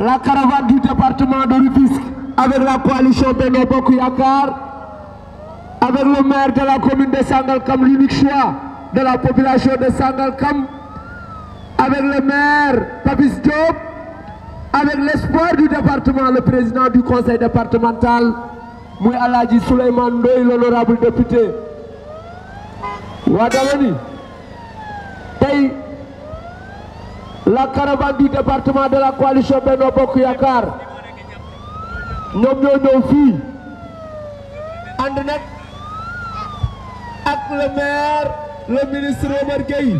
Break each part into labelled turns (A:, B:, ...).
A: La caravane du département de Rufisque avec la coalition de Yakar, avec le maire de la commune de Sangalkam, l'unique choix de la population de Sangalkam, avec le maire Papis Diop, avec l'espoir du département, le président du conseil départemental, Mouy Aladji Souleymane l'honorable député waa dama tey la caravane du département de la coalition Benno Bokk Yaakaar ñoom ñoo fii ànd ak le maire le ministre Omar Gueye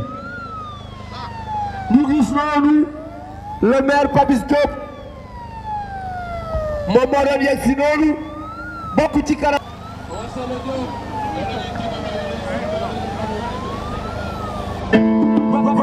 A: gis noonu le maire Papis Diop moom moo doon yegg bokk ci caravane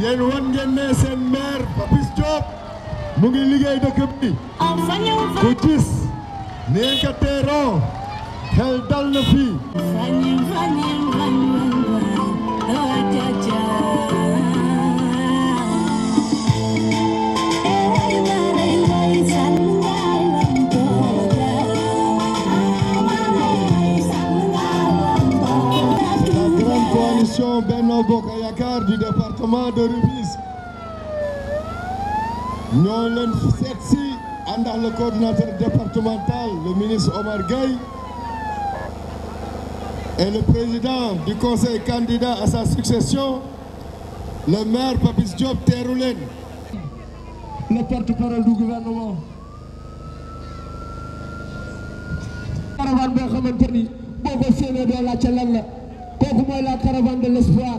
A: yéen wan ngeen ne seen maire Papis Diop mu ngi liggéey dëkk bi ku gis ni ngeen ko teeroo xel dal na fii département de Rubis. nous sommes si le coordinateur départemental le ministre Omar Gueye et le président du conseil candidat à sa succession le maire Papis Diop le porte-parole du gouvernement caravane bien xamante ni boo ko la la caravane de l'espoir